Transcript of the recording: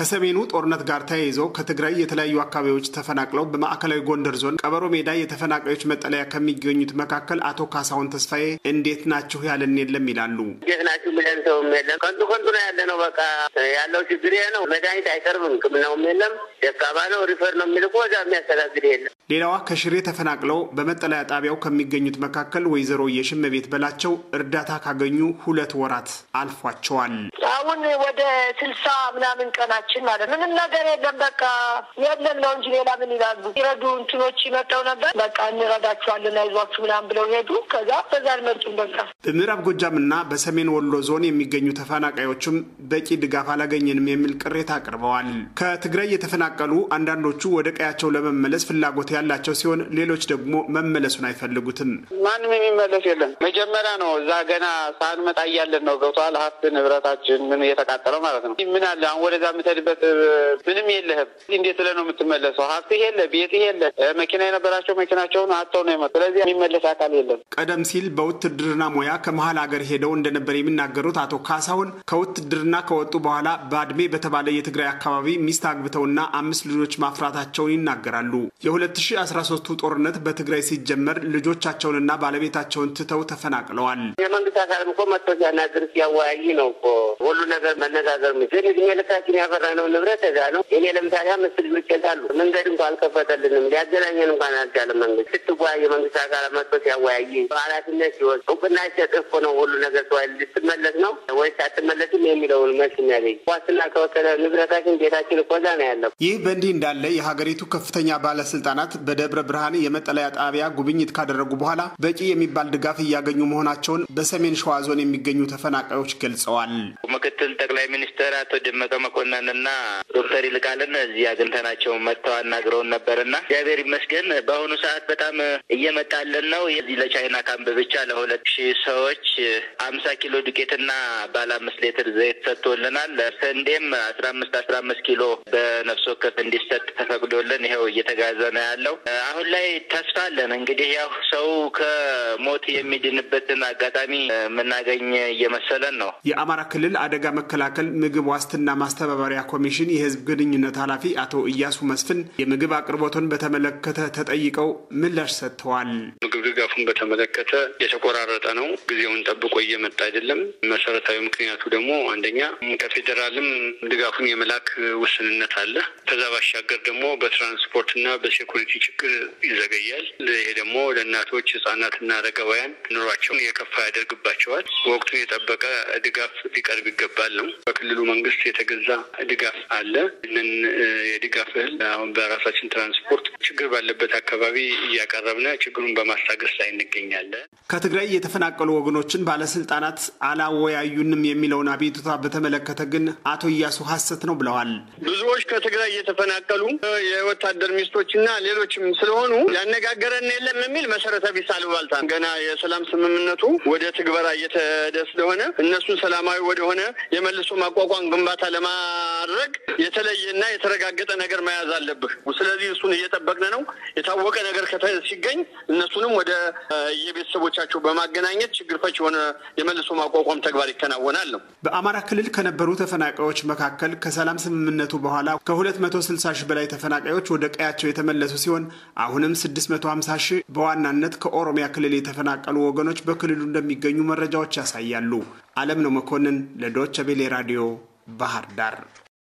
ከሰሜኑ ጦርነት ጋር ተያይዘው ከትግራይ የተለያዩ አካባቢዎች ተፈናቅለው በማዕከላዊ ጎንደር ዞን ቀበሮ ሜዳ የተፈናቃዮች መጠለያ ከሚገኙት መካከል አቶ ካሳሁን ተስፋዬ እንዴት ናችሁ ያለን የለም ይላሉ። እንዴት ናችሁ ብለን ሰውም የለም ከንቱ ከንቱ ነው ያለ ነው። በቃ ያለው ችግር ነው። መድኃኒት አይቀርብም፣ ሕክምናውም የለም። ደካማ ነው። ሪፈር ነው የሚልኩ ወዛ የሚያስተናግድ የለም። ሌላዋ ከሽሬ ተፈናቅለው በመጠለያ ጣቢያው ከሚገኙት መካከል ወይዘሮ የሽመ ቤት በላቸው እርዳታ ካገኙ ሁለት ወራት አልፏቸዋል። አሁን ወደ ስልሳ ምናምን ቀናት ሀገራችን ማለት ምንም ነገር የለም። በቃ የለም ነው እንጂ ሌላ ምን ይላሉ? ይረዱ እንትኖች ይመጣው ነበር። በቃ እንረዳችኋለን፣ አይዟችሁ ምናምን ብለው ሄዱ። ከዛ በዛ አልመጡም። በቃ በምዕራብ ጎጃም እና በሰሜን ወሎ ዞን የሚገኙ ተፈናቃዮችም በቂ ድጋፍ አላገኘንም የሚል ቅሬታ አቅርበዋል። ከትግራይ የተፈናቀሉ አንዳንዶቹ ወደ ቀያቸው ለመመለስ ፍላጎት ያላቸው ሲሆን፣ ሌሎች ደግሞ መመለሱን አይፈልጉትም። ማንም የሚመለስ የለም። መጀመሪያ ነው እዛ ገና ሳንመጣ እያለን ነው ገብተዋል። ሀብት ንብረታችን ምን እየተቃጠለው ማለት ነው። ምን አለ አሁን ወደዛ የምትሄድበት ምንም የለህም። እንዴት ብለህ ነው የምትመለሰው? ሀብትህ የለ፣ ቤትህ የለ። መኪና የነበራቸው መኪናቸውን አጥተው ነው የመጡት። ስለዚህ የሚመለስ አካል የለም። ቀደም ሲል በውትድርና ሙያ ከመሀል ሀገር ሄደው እንደነበር የሚናገሩት አቶ ካሳሁን ከውትድርና ከወጡ በኋላ በአድሜ በተባለ የትግራይ አካባቢ ሚስት አግብተውና አምስት ልጆች ማፍራታቸውን ይናገራሉ። የ2013ቱ ጦርነት በትግራይ ሲጀመር ልጆቻቸውንና ባለቤታቸውን ትተው ተፈናቅለዋል። የመንግስት አካል እኮ መጥቶ ሲያናግር ሲያወያይ ነው እኮ ሁሉ ነገር መነጋገር ግን ልካችን ያፈራነው ንብረት እዛ ነው። እኔ ለምሳሌ አምስት ልጆች አሉ። መንገድ እንኳ አልከፈተልንም። ሊያገናኘን እንኳን አልቻለም። መንግስት ስትጓይ የመንግስት አካላት መጥቶ ሲያወያይ ኃላፊነት ሲወስ እውቅና ሲሰጥፍ ነው ሁሉ ነገር ሰዋል። ልትመለስ ነው ወይስ አትመለስም የሚለውን መልስ የሚያገኝ ዋስትና ከወሰደ ንብረታችን ቤታችን እኮ እዛ ነው ያለው። ይህ በእንዲህ እንዳለ የሀገሪቱ ከፍተኛ ባለስልጣናት በደብረ ብርሃን የመጠለያ ጣቢያ ጉብኝት ካደረጉ በኋላ በቂ የሚባል ድጋፍ እያገኙ መሆናቸውን በሰሜን ሸዋ ዞን የሚገኙ ተፈናቃዮች ገልጸዋል። ምክትል ጠቅላይ ሚኒስትር አቶ ደመቀ መኮንን እና ዶክተር ይልቃልን እዚህ አግኝተናቸው መጥተው አናግረውን ነበርና እግዚአብሔር ይመስገን በአሁኑ ሰዓት በጣም እየመጣልን ነው። የዚህ ለቻይና ካምፕ ብቻ ለሁለት ሺህ ሰዎች አምሳ ኪሎ ዱቄትና ባለ አምስት ሌትር ዘይት ሰጥቶልናል። ስንዴም አስራ አምስት አስራ አምስት ኪሎ በነፍስ ወከፍ እንዲሰጥ ተፈቅዶልን ይኸው እየተጋዘ ነው ያለው። አሁን ላይ ተስፋ አለን። እንግዲህ ያው ሰው ከሞት የሚድንበትን አጋጣሚ የምናገኝ እየመሰለን ነው። የአማራ ክልል አደጋ መከላከል ምግብ ዋስትና ማስተባበሪያ ኮሚሽን የህዝብ ግንኙነት ኃላፊ አቶ እያሱ መስፍን የምግብ አቅርቦትን በተመለከተ ተጠይቀው ምላሽ ሰጥተዋል። ምግብ ድጋፉን በተመለከተ የተቆራረጠ ነው። ጊዜውን ጠብቆ እየመጣ አይደለም። መሰረታዊ ምክንያቱ ደግሞ አንደኛ ከፌዴራልም ድጋፉን የመላክ ውስንነት አለ። ከዛ ባሻገር ደግሞ በትራንስፖርትና በሴኩሪቲ ችግር ይዘገያል። ይሄ ደግሞ ለእናቶች ህጻናትና አረጋውያን ኑሯቸውን የከፋ ያደርግባቸዋል። ወቅቱን የጠበቀ ድጋፍ ሊቀርብ ይገባል ነው በክልሉ መንግስት የተገዛ ድጋፍ አለ። ይህንን የድጋፍ እህል አሁን በራሳችን ትራንስፖርት ችግር ባለበት አካባቢ እያቀረብን ችግሩን በማስታገስ ላይ እንገኛለን። ከትግራይ የተፈናቀሉ ወገኖችን ባለስልጣናት አላወያዩንም የሚለውን አቤቱታ በተመለከተ ግን አቶ እያሱ ሀሰት ነው ብለዋል። ብዙዎች ከትግራይ እየተፈናቀሉ የወታደር ሚስቶችና ሌሎችም ስለሆኑ ያነጋገረን የለም የሚል መሰረተ ቢስ አሉባልታ ገና የሰላም ስምምነቱ ወደ ትግበራ እየተደስ ስለሆነ እነሱን ሰላማዊ ወደሆነ የመልሶ ማቋቋም ግንባታ ለማ ለማድረግ የተለየና የተረጋገጠ ነገር መያዝ አለብህ። ስለዚህ እሱን እየጠበቅን ነው። የታወቀ ነገር ሲገኝ እነሱንም ወደ የቤተሰቦቻቸው በማገናኘት ችግር ፈች የሆነ የመልሶ ማቋቋም ተግባር ይከናወናል ነው። በአማራ ክልል ከነበሩ ተፈናቃዮች መካከል ከሰላም ስምምነቱ በኋላ ከ260 ሺህ በላይ ተፈናቃዮች ወደ ቀያቸው የተመለሱ ሲሆን አሁንም 650 ሺህ በዋናነት ከኦሮሚያ ክልል የተፈናቀሉ ወገኖች በክልሉ እንደሚገኙ መረጃዎች ያሳያሉ። አለም ነው መኮንን ለዶቸ ቤሌ ራዲዮ ባህር ዳር